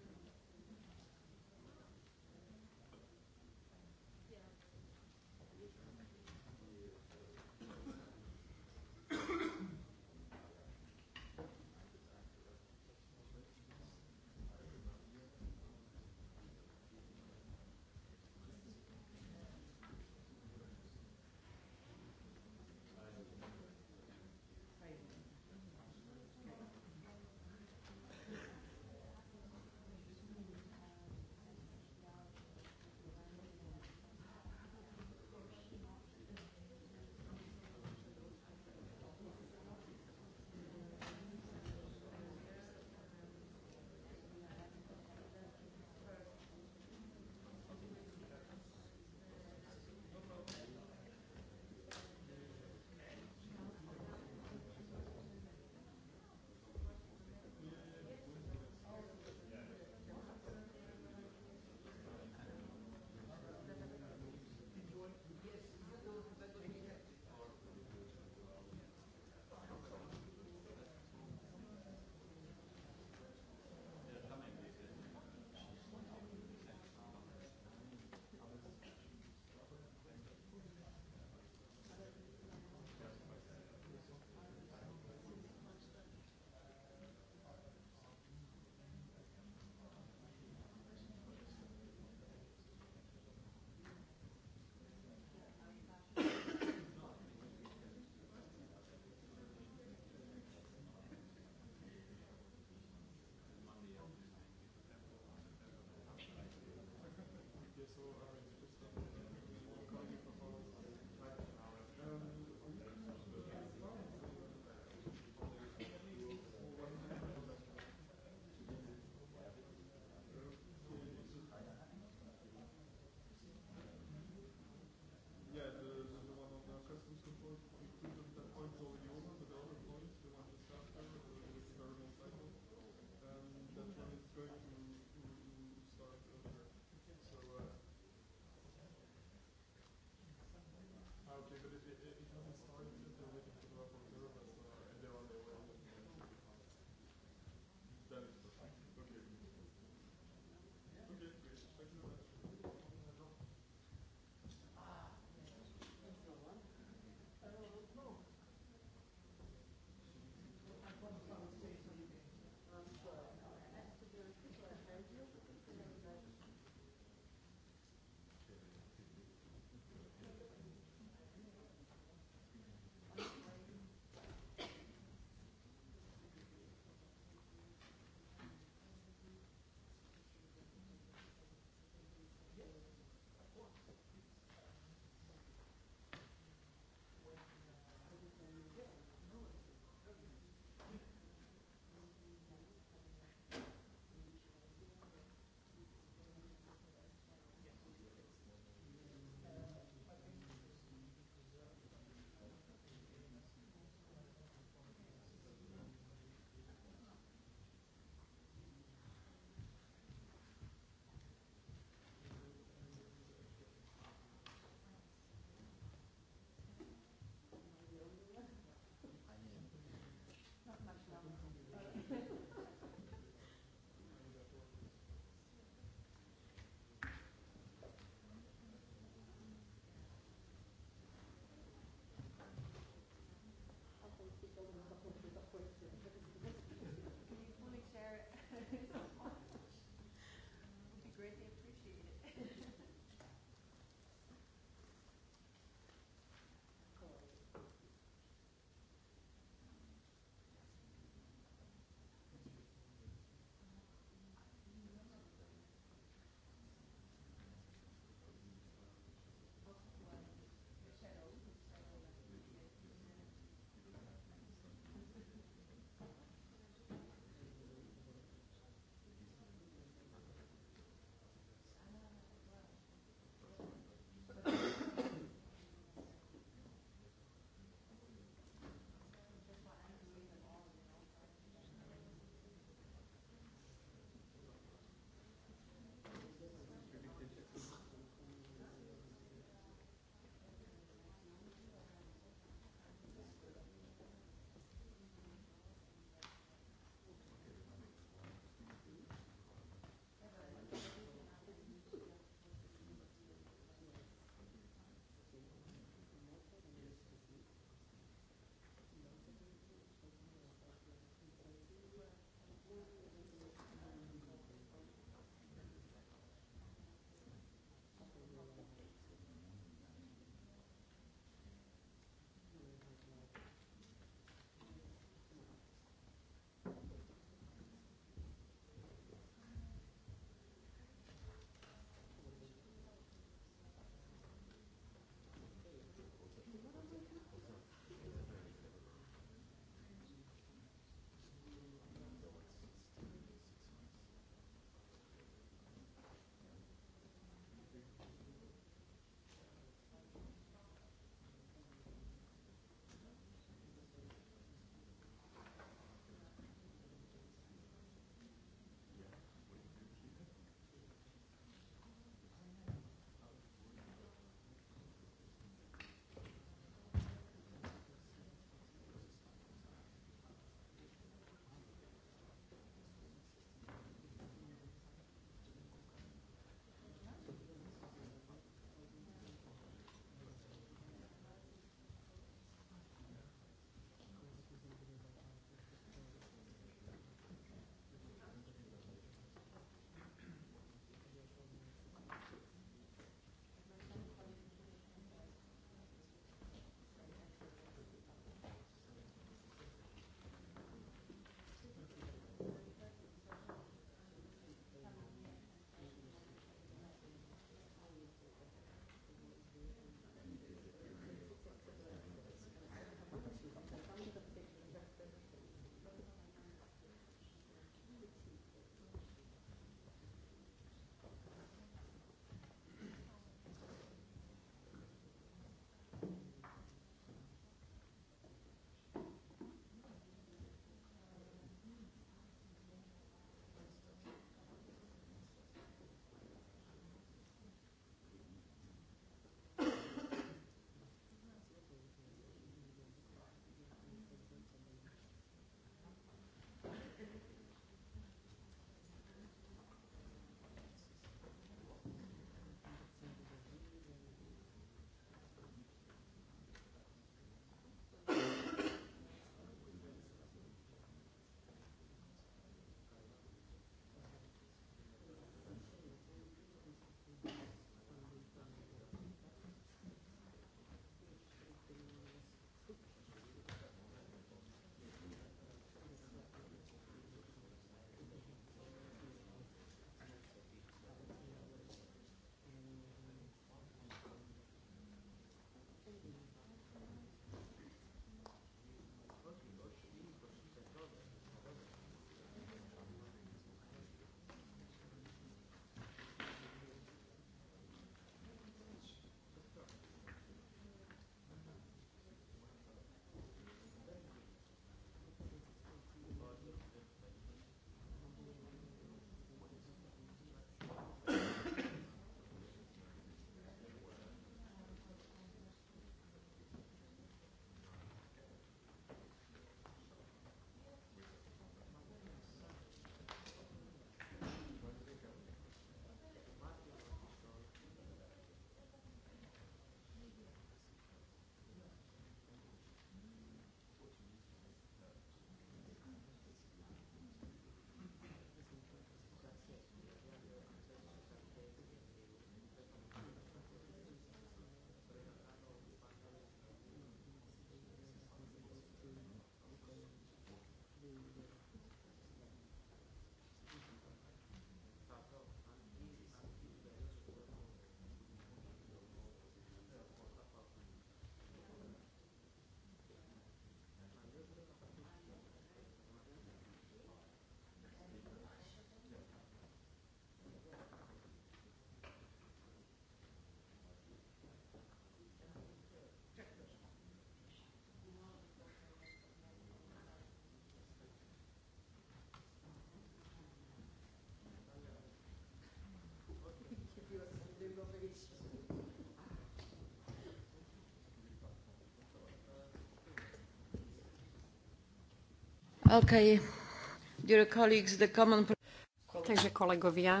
Takže kolegovia,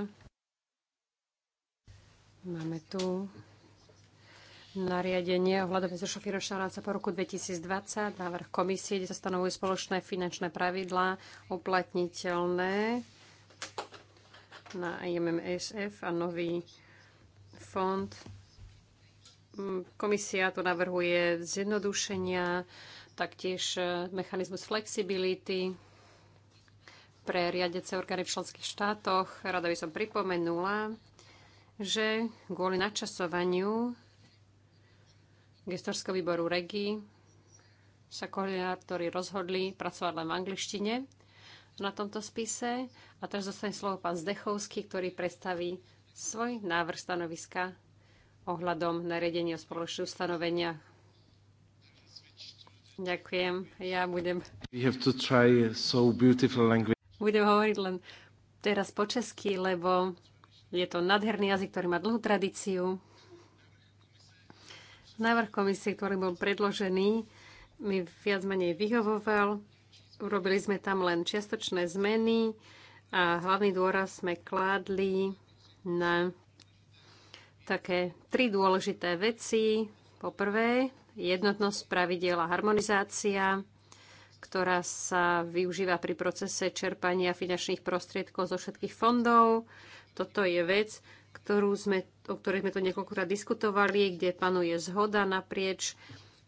máme tu nariadenie hľadom zo šofírov Šaráca po roku 2020, návrh komisie, kde sa stanovujú spoločné finančné pravidlá uplatniteľné na IMMSF a nový fond. Mm, komisia tu navrhuje zjednodušenia, taktiež e, mechanizmus flexibility pre riadece orgány v členských štátoch. Rada by som pripomenula, že kvôli načasovaniu gestorského výboru REGI sa koordinátori rozhodli pracovať len v angličtine na tomto spise. A teraz dostane slovo pán Zdechovský, ktorý predstaví svoj návrh stanoviska ohľadom nariadenia o spoločných stanovenia. Ďakujem. Ja budem... So budem hovoriť len teraz po česky, lebo je to nádherný jazyk, ktorý má dlhú tradíciu. Návrh komisie, ktorý bol predložený, mi viac menej vyhovoval. Urobili sme tam len čiastočné zmeny a hlavný dôraz sme kládli na také tri dôležité veci. Po prvé, jednotnosť pravidiel a harmonizácia, ktorá sa využíva pri procese čerpania finančných prostriedkov zo všetkých fondov. Toto je vec, ktorú sme, o ktorej sme tu niekoľkokrát diskutovali, kde panuje zhoda naprieč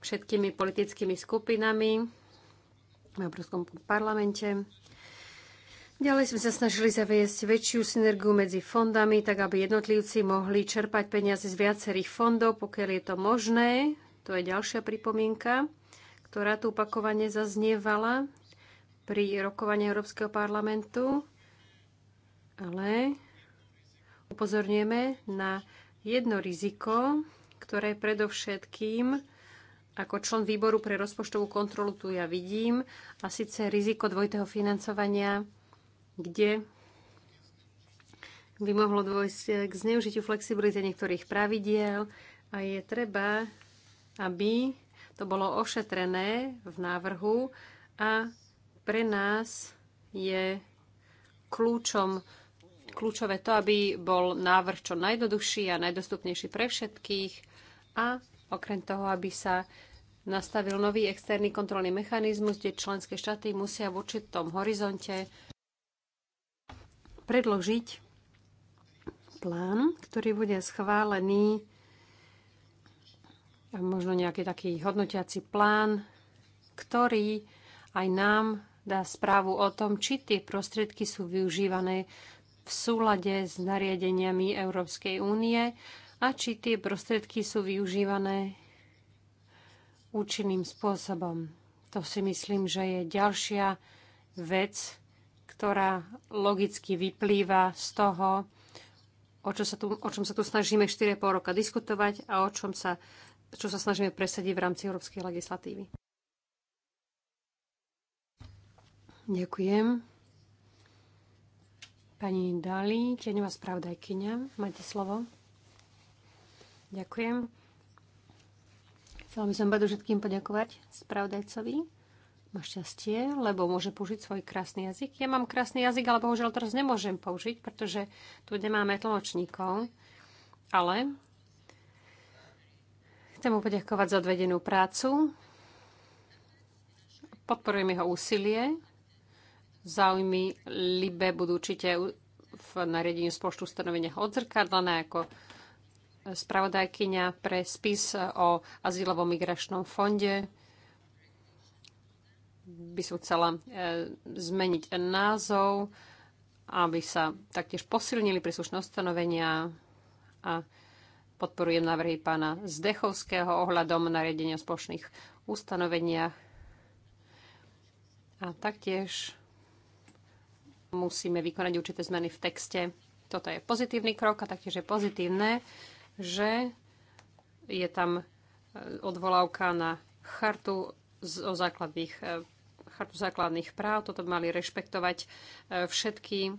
všetkými politickými skupinami v Európskom parlamente. Ďalej sme sa snažili zaviesť väčšiu synergiu medzi fondami, tak aby jednotlivci mohli čerpať peniaze z viacerých fondov, pokiaľ je to možné. To je ďalšia pripomienka, ktorá tu opakovane zaznievala pri rokovaní Európskeho parlamentu. Ale upozorňujeme na jedno riziko, ktoré predovšetkým ako člen výboru pre rozpočtovú kontrolu tu ja vidím, a síce riziko dvojitého financovania kde by mohlo dôjsť k zneužitiu flexibility niektorých pravidiel a je treba, aby to bolo ošetrené v návrhu a pre nás je kľúčom, kľúčové to, aby bol návrh čo najjednoduchší a najdostupnejší pre všetkých a okrem toho, aby sa nastavil nový externý kontrolný mechanizmus, kde členské štáty musia v určitom horizonte predložiť plán, ktorý bude schválený a možno nejaký taký hodnotiaci plán, ktorý aj nám dá správu o tom, či tie prostriedky sú využívané v súlade s nariadeniami Európskej únie a či tie prostriedky sú využívané účinným spôsobom. To si myslím, že je ďalšia vec, ktorá logicky vyplýva z toho, o, čo sa tu, o čom sa tu snažíme 4,5 roka diskutovať a o čom sa, čo sa snažíme presadiť v rámci európskej legislatívy. Ďakujem. Pani Dali, tieňová správdajkyňa, máte slovo. Ďakujem. Chcela by som všetkým poďakovať spravodajcovi má šťastie, lebo môže použiť svoj krásny jazyk. Ja mám krásny jazyk, ale bohužiaľ teraz nemôžem použiť, pretože tu nemáme tlmočníkov. Ale chcem mu poďakovať za odvedenú prácu. Podporujem jeho úsilie. Záujmy Libe budú určite v nariadení spoločtu stanovenia odzrkadlené ako spravodajkyňa pre spis o azylovom migračnom fonde by som chcela e, zmeniť názov, aby sa taktiež posilnili príslušné ustanovenia a podporujem návrhy pána Zdechovského ohľadom nariadenia o spoločných ustanoveniach. A taktiež musíme vykonať určité zmeny v texte. Toto je pozitívny krok a taktiež je pozitívne, že je tam e, odvolávka na chartu o základných e, chartu základných práv. Toto by mali rešpektovať e, všetky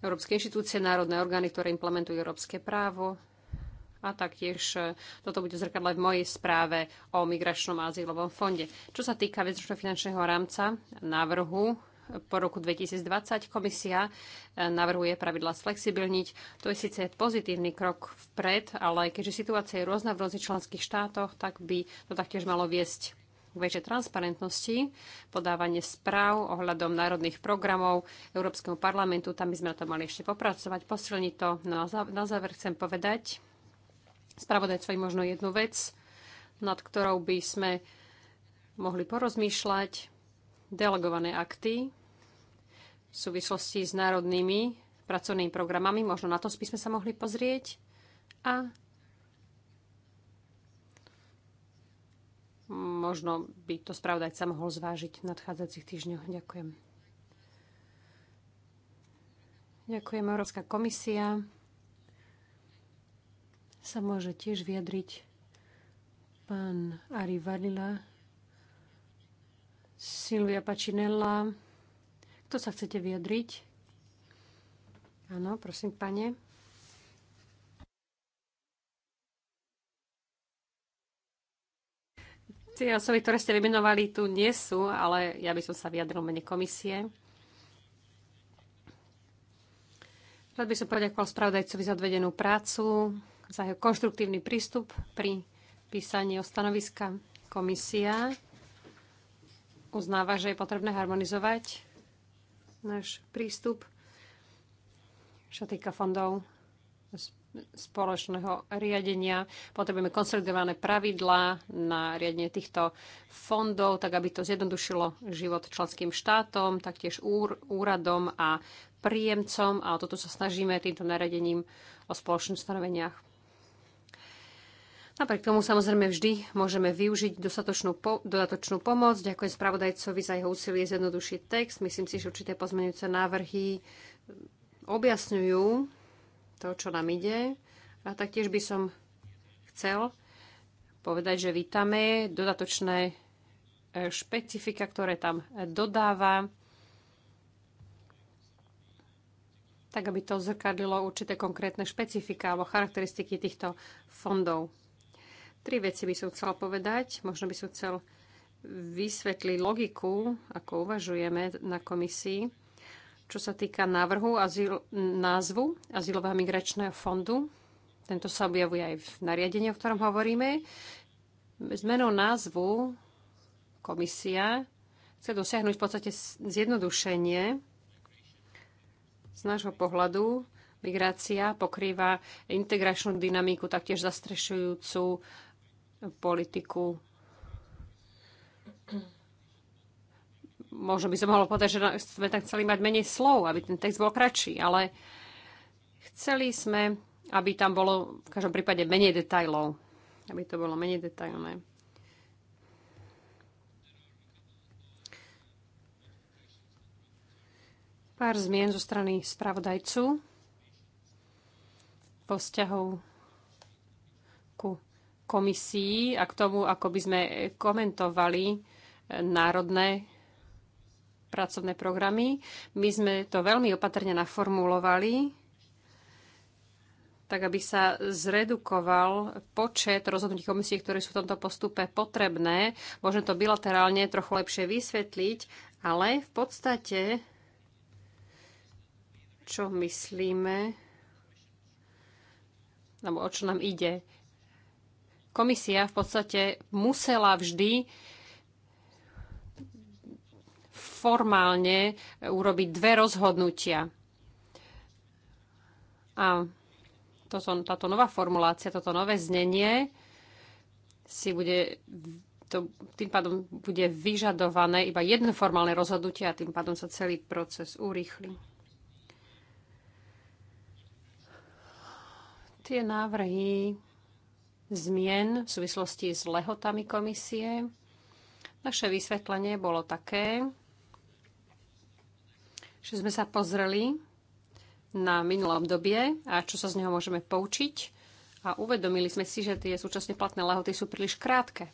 európske inštitúcie, národné orgány, ktoré implementujú európske právo. A taktiež e, toto bude zrkadlať v mojej správe o migračnom a azylovom fonde. Čo sa týka vecročno finančného rámca návrhu po roku 2020 komisia e, navrhuje pravidla sflexibilniť. To je síce pozitívny krok vpred, ale keďže situácia je rôzna v rôznych členských štátoch, tak by to taktiež malo viesť väčšej transparentnosti, podávanie správ ohľadom národných programov Európskeho parlamentu. Tam by sme na to mali ešte popracovať, posilniť to. No a na záver chcem povedať spravodajcovi možno jednu vec, nad ktorou by sme mohli porozmýšľať. Delegované akty v súvislosti s národnými pracovnými programami. Možno na to by sme sa mohli pozrieť. A možno by to spravodajca mohol zvážiť v nadchádzajúcich týždňoch. Ďakujem. Ďakujem. Európska komisia sa môže tiež vyjadriť. Pán Ari Varila, Silvia Pačinella. Kto sa chcete vyjadriť? Áno, prosím, pane. Tie osoby, ktoré ste vymenovali, tu nie sú, ale ja by som sa vyjadril mene komisie. Rád by som poďakoval spravodajcovi za odvedenú prácu, za jeho konštruktívny prístup pri písaní o stanoviska komisia. Uznáva, že je potrebné harmonizovať náš prístup, čo týka fondov spoločného riadenia. Potrebujeme konsolidované pravidlá na riadenie týchto fondov, tak aby to zjednodušilo život členským štátom, taktiež úr, úradom a príjemcom. A o toto sa snažíme týmto nariadením o spoločných stanoveniach. Napriek tomu samozrejme vždy môžeme využiť dostatočnú po- dodatočnú pomoc. Ďakujem spravodajcovi za jeho úsilie zjednodušiť text. Myslím si, že určité pozmenujúce návrhy objasňujú to, čo nám ide. A taktiež by som chcel povedať, že vítame dodatočné e, špecifika, ktoré tam dodáva, tak aby to zrkadlilo určité konkrétne špecifika alebo charakteristiky týchto fondov. Tri veci by som chcela povedať. Možno by som chcel vysvetliť logiku, ako uvažujeme na komisii. Čo sa týka návrhu azyl, názvu Azylového migračného fondu, tento sa objavuje aj v nariadení, o ktorom hovoríme. Zmenou názvu komisia chce dosiahnuť v podstate zjednodušenie. Z nášho pohľadu migrácia pokrýva integračnú dynamiku, taktiež zastrešujúcu politiku možno by som mohla povedať, že sme tak chceli mať menej slov, aby ten text bol kratší, ale chceli sme, aby tam bolo v každom prípade menej detajlov. Aby to bolo menej detailné. Pár zmien zo strany spravodajcu po vzťahu ku komisii a k tomu, ako by sme komentovali národné pracovné programy. My sme to veľmi opatrne naformulovali, tak aby sa zredukoval počet rozhodnutí komisie, ktoré sú v tomto postupe potrebné. Môžem to bilaterálne trochu lepšie vysvetliť, ale v podstate, čo myslíme, alebo o čo nám ide, komisia v podstate musela vždy formálne urobiť dve rozhodnutia. A toto, táto nová formulácia, toto nové znenie si bude, to, tým pádom bude vyžadované iba jedno formálne rozhodnutie a tým pádom sa celý proces urýchli. Tie návrhy zmien v súvislosti s lehotami komisie. Naše vysvetlenie bolo také, že sme sa pozreli na minulé obdobie a čo sa z neho môžeme poučiť a uvedomili sme si, že tie súčasne platné lehoty sú príliš krátke.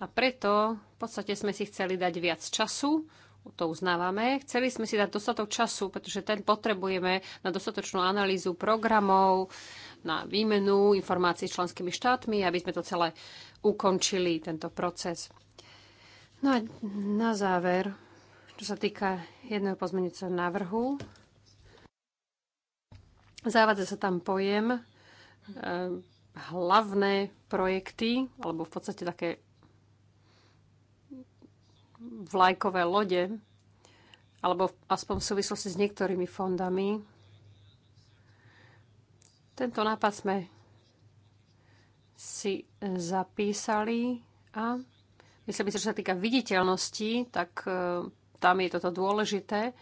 A preto v podstate sme si chceli dať viac času, to uznávame. Chceli sme si dať dostatok času, pretože ten potrebujeme na dostatočnú analýzu programov, na výmenu informácií s členskými štátmi, aby sme to celé ukončili, tento proces. No a na záver čo sa týka jedného pozmeňujúceho návrhu. Závadza sa tam pojem e, hlavné projekty, alebo v podstate také vlajkové lode, alebo aspoň v súvislosti s niektorými fondami. Tento nápad sme si e, zapísali a myslím že sa týka viditeľnosti, tak e, tam je toto dôležité,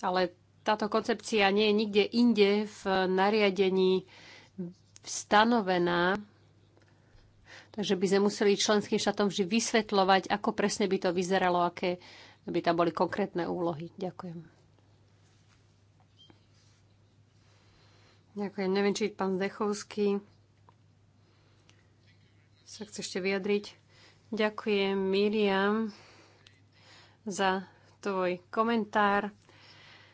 ale táto koncepcia nie je nikde inde v nariadení stanovená, takže by sme museli členským štátom vždy vysvetľovať, ako presne by to vyzeralo, aké by tam boli konkrétne úlohy. Ďakujem. Ďakujem. Neviem, či pán Zdechovský sa chce ešte vyjadriť. Ďakujem Miriam za tvoj komentár.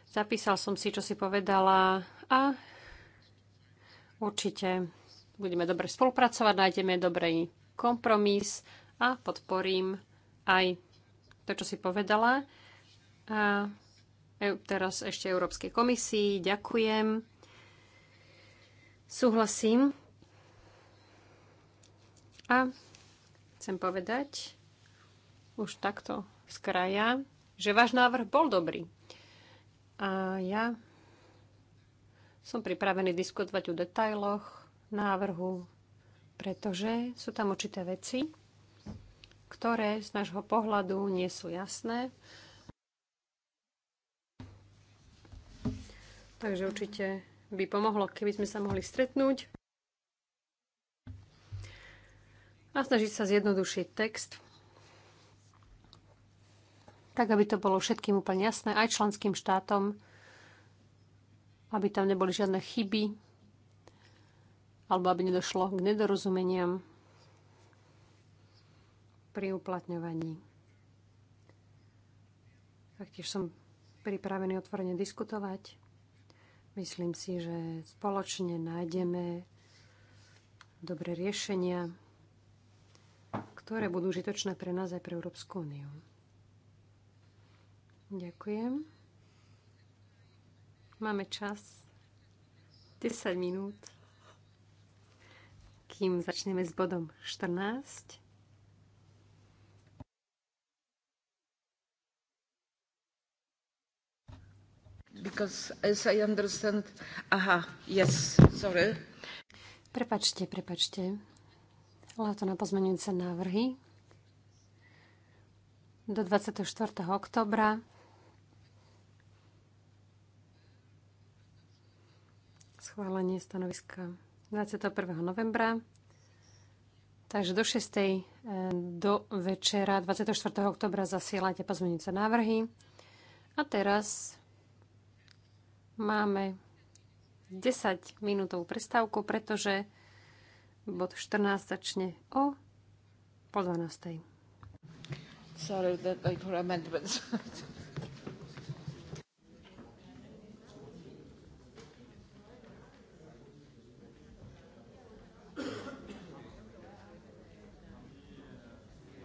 Zapísal som si, čo si povedala a určite budeme dobre spolupracovať, nájdeme dobrý kompromis a podporím aj to, čo si povedala. A e, teraz ešte Európskej komisii ďakujem. Súhlasím. A chcem povedať už takto z kraja, že váš návrh bol dobrý. A ja som pripravený diskutovať o detailoch návrhu, pretože sú tam určité veci, ktoré z nášho pohľadu nie sú jasné. Takže určite by pomohlo, keby sme sa mohli stretnúť a snažiť sa zjednodušiť text tak aby to bolo všetkým úplne jasné, aj členským štátom, aby tam neboli žiadne chyby, alebo aby nedošlo k nedorozumeniam pri uplatňovaní. Taktiež som pripravený otvorene diskutovať. Myslím si, že spoločne nájdeme dobré riešenia, ktoré budú užitočné pre nás aj pre Európsku úniu. Ďakujem. Máme čas 10 minút, kým začneme s bodom 14. Because as I understand... Aha, yes, sorry. Prepačte, prepačte. to na pozmenujúce návrhy do 24. oktobra schválenie stanoviska 21. novembra. Takže do 6. E, do večera 24. oktobra zasielate pozmeňujúce návrhy. A teraz máme 10 minútovú prestávku, pretože bod 14 začne o po 12. Sorry that I for amendments.